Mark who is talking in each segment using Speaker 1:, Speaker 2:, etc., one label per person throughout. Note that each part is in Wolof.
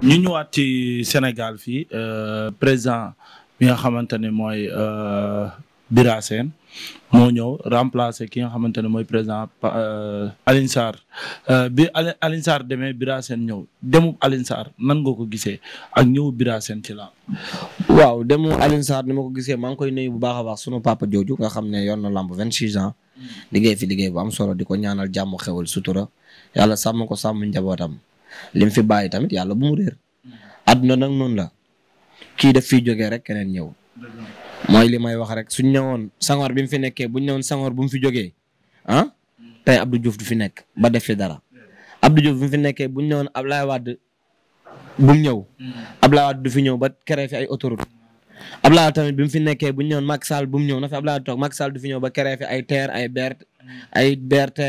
Speaker 1: ñu ñëwaat ci Sénégal fii euh, président bi nga xamante ne mooy euh, Bira Sène moo ñëw remplacer ki nga xamante ne mooy président euh, Alioune Sarr bi Alioune Sarr demee Bira Sène ñëw demu Alioune Sarr nan nga ko gisee ak ñëw Bira Sène ci làmb.
Speaker 2: waaw demu Alioune Sarr ni ma ko gisee maa ngi koy nuyu bu baax a baax sunu papa jooju nga xam ne yoon na làmb 26 ans. Mm. liggéey fi liggéey bu am solo di ko ñaanal jàmm xewal sutura yàlla sàmm ko sàmm njabootam. lim fi bàyyi tamit yàlla bu mu réer. nag noonu la kii def fiy jógee rek keneen ñëw. mooy li may wax rek suñ ñëwoon sangoor bi mu fi nekkee buñ ñëwoon Senghor bu mu fi jógee ah tey Abdou Diouf fi nekk ba def dara Abdou Diouf bi fi nekkee buñ ñëwoon Ablaye Wade bu ñëw. Ablaye Wade du fi ñëw ba créé fi ay autoroute Ablaye bi mu fi nekkee bu ñu ñëwoon bu mu ñëw na fi Ablaye toog Macky du fi ñëw ba créé fi ay TER ay BRT ay BRT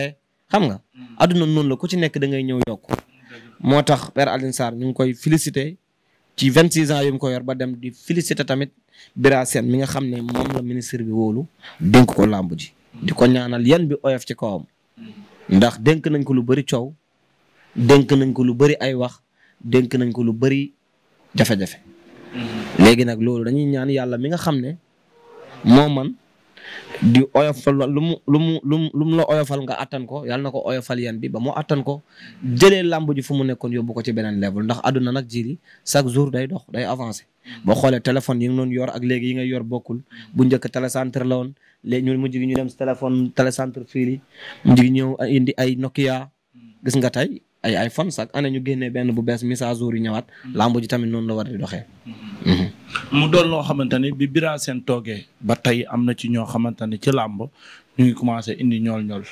Speaker 2: xam nga. adduna noonu la ku ci nekk da ngay ñëw yokk. moo tax Père alin Sarr ñu ngi koy félicité ci 26 ans yu mu ko yor ba dem di félicité tamit Bira Sène mi nga xam ne moom la ministre bi woolu dénk ko làmb ji. di ko ñaanal yan bi oyof ci kawam. ndax dénk nañ ko lu bari coow. denk nañ ko lu bari ay wax dénk nañ ko lu bari jafe-jafe. Mm-hmm. léegi nag loolu dañuy ñaan yàlla mi nga xam ne moo man di oyofal lu mu lu mu lu mu la oyofal nga attan ko yàlla na ko oyofal yan bi ba mu attan ko jëlee làmb ji fu mu nekkoon yóbbu ko ci beneen level ndax àdduna nag jiri chaque jour day dox day avancé. boo xoolee téléphone yi nga doon yor ak léegi yi nga yor bokkul bu njëkk télécentre la woon léegi ñu mujj gi ñu dem si téléphone télécentre fii li mujj gi ñëw indi ay Nokia gis nga tey. ay
Speaker 1: ay fan sax année ñu génnee benn bu bees mise à jour yi ñëwaat. làmb ji tamit noonu la war di doxee. Mm-hmm. Mm-hmm. mu doon loo xamante ni bi Bira Sène toogee ba tey am na ci ñoo xamante ni ci làmb ñu ngi commencé indi ñool-ñool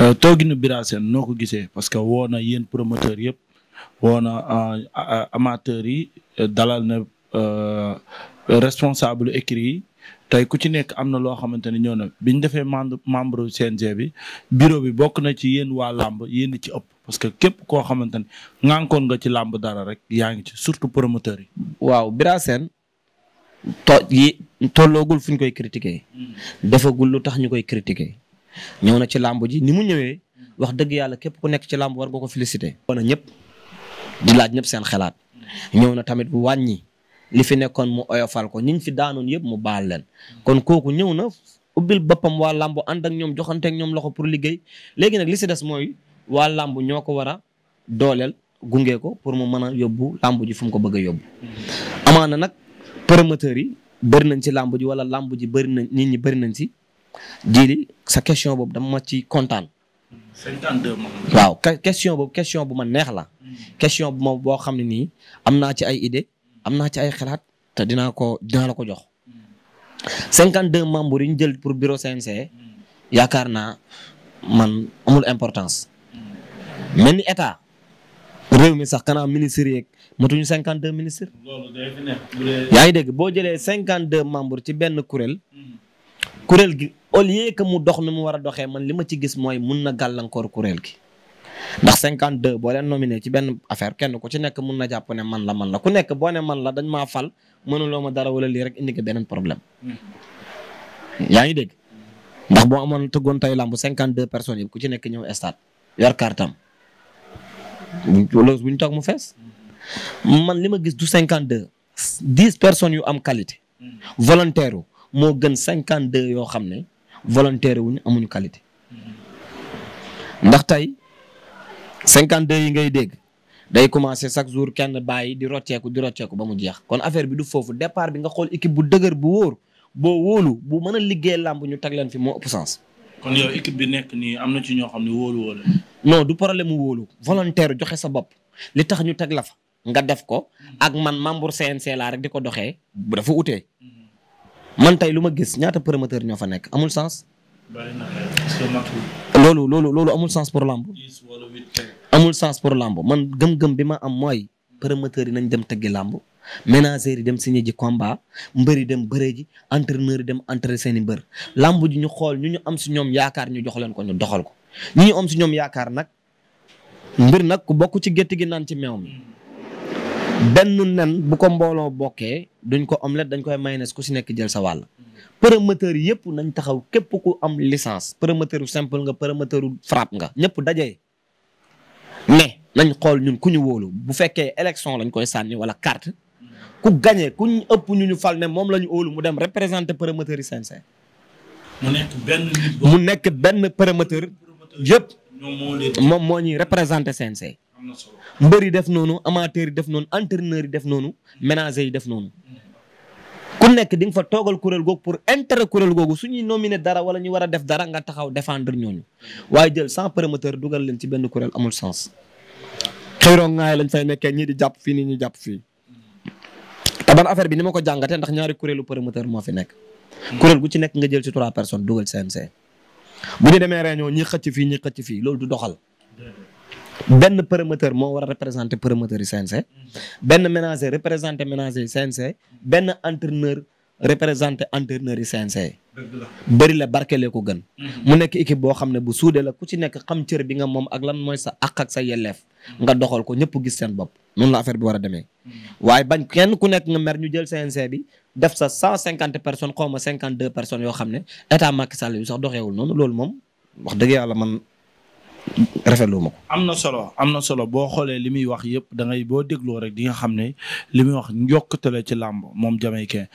Speaker 1: euh, tooginu Bira Sène noo ko gisee parce que woo na yéen promoteurs yëpp woo na euh, amateurs yi euh, dalal na responsable écrit yi tey ku ci nekk am na loo xamante ne ñoo na bi ñu defee membre membre CNG bi bureau bi bokk na ci yéen waa làmb yéen ci ëpp parce que képp koo xamante ne ŋànkoon nga ci làmb dara rek yaa ngi ci surtout promoteur yi. waaw Bira Sène to tolloogul fu ñu koy critiquer. Hmm. defagul lu tax ñu koy
Speaker 2: critiquer. ñëw na ci làmb ji ni mu ñëwee. wax dëgg yàlla képp ku nekk ci làmb war nga ko féliciter. ñëpp di laaj ñëpp seen xalaat. Hmm. ñëw na tamit wàññi. li fi nekkoon mu oyofal ko ñiñ fi daanoon yëpp mu baal leen kon kooku ñëw na ubbil boppam waa làmb ànd ak ñoom joxante ak ñoom loxo pour liggéey léegi nag li si des mooy waa làmb ñoo ko war a dooleel gunge ko pour mu mën a yóbbu làmbu ji fu mu ko bëgg a yóbbu amaana nag promoteurs yi bëri nañ ci làmb ji wala làmb ji bëri nañ nit ñi bëri nañ ci jili sa question boobu dama ci kontaan.
Speaker 1: 52 moom.
Speaker 2: waaw question boobu question bu ma neex la. Hmm. question bu ma boo xam ne nii am naa ci ay am naa ci ay xalaat te dinaa ko dinaa la ko jox. 52 membres yi ñu jël pour bureau CNC yaakaar naa man amul importance. mel ni état réew mi sax kanaa ministre yeeg matuñu 52 ministres. yaa ngi dégg boo jëlee cinquante 52 membres ci benn kuréel. kuréel gi au lieu que mu dox nu mu war a doxee man li ma ci gis mooy mun na gàllankoor kuréel gi. ndax 52 boo leen nominé ci benn affaire kenn ku ci nekk mun na jàpp ne man la man la ku nekk boo ne man la dañ maa fal mënuloo ma dara wala lii rek indi nga beneen problème.
Speaker 1: Hmm. yaa ngi
Speaker 2: dégg ndax boo amoon tëggoon tey lamb 52 personnes yi ku ci nekk ñëw stade yor kartam buñ buñ toog mu fees man li ma gis du 52 10 personnes yu am qualité. Hmm. volontaire moo gën 52 yoo xam ne volontaire wuñ amuñu qualité. Hmm. ndax tey cinquante 52 yi ngay dégg day commencé chaque jour kenn bàyyi di rocceeku di rocceeku ba mu jeex kon affaire bi du foofu départ bi nga xool équipe bu dëgër bu wóor boo wóolu bu mën a liggéey làmb ñu teg leen fi moo ëpp sens.
Speaker 1: bi nekk nii am na ci ñoo xam ne wóolu wóolu.
Speaker 2: non du problème mu wóolu volontaire joxe sa bopp li tax ñu teg la fa nga def ko ak man membre CNC laa rek di ko doxee bu dafa utee mm-hmm. man tey lu ma gis ñaata promoteur ñoo fa nekk amul sens. loolu loolu loolu amul sens pour lamb amul sens pour lamb man gëm-gëm bi ma am mooy promoteurs yi nañ dem tëggi lamb ménagères yi dem signé ji combat mbër yi dem bëree ji entraîneur yi dem entraîner seen i mbër lamb ji ñu xool ñu ñu am si ñoom yaakaar ñu jox leen ko ñu doxal ko ñu ñu am si ñoom yaakaar nag mbir nag ku bokk ci gétt gi naan ci meew mi benn nen bu ko mbooloo bokkee duñ ko omelette dañ koy mayonnaise ku si nekk jël sa wàll. promoteur yëpp nañ taxaw képp ku am licence promoteur simple nga promoteur frappe nga ñëpp daje. mais nañ xool ñun ku ñu wóolu bu fekkee élection lañ koy sànni wala carte ku gagné ku ëpp ñu ñu fal ne moom la ñu wóolu mu dem représenter promoteur yi sincère.
Speaker 1: mu nekk benn
Speaker 2: mu nekk benn promoteur yëpp. moom moo ñuy représenter sincère. mbër yi def noonu amateur yi def noonu entraîneur yi def noonu ménager yi def noonu. ku nekk di nga fa toogal kuréel googu pour intérêt kuréel googu su ñuy nominé dara wala ñu war a def dara nga taxaw défendre ñooñu waaye jël sans promoteur dugal leen ci benn kuréel amul sens. xëyroo ngaay lañ fay nekkee ñii di jàpp fii nii ñu jàpp fii te ban affaire bi ni ma ko jàngatee ndax ñaari kuréelu promoteur moo fi nekk. kuréel gu ci nekk nga jël ci trois personnes dugal CNG bu ñu demee réunion ñi xëcc fii ñi fii loolu du doxal. benn promoteur moo war a représenter promoteur yi CNG benn ménager représenter ménager yi CNG benn entraîneur représenter entraîneur yi CNG. bëri la barkelee ko gën. mu nekk équipe boo xam ne bu suudee la ku ci nekk xam cër bi nga moom ak lan mooy sa àq ak sa yelleef. nga doxal ko ñëpp gis seen bopp noonu la affaire bi war a demee. waaye bañ kenn ku nekk nga mer ñu jël CNG bi def sa cent cinquante personnes xaw ma cinquante deux personnes yoo xam ne état sax doxewul
Speaker 1: noonu loolu moom wax rafetlu ma ko. am na solo am na solo boo xoolee li muy wax yëpp da ngay boo dégloo rek di nga xam ne li muy wax njokkute la ci làmb moom Jamaïcain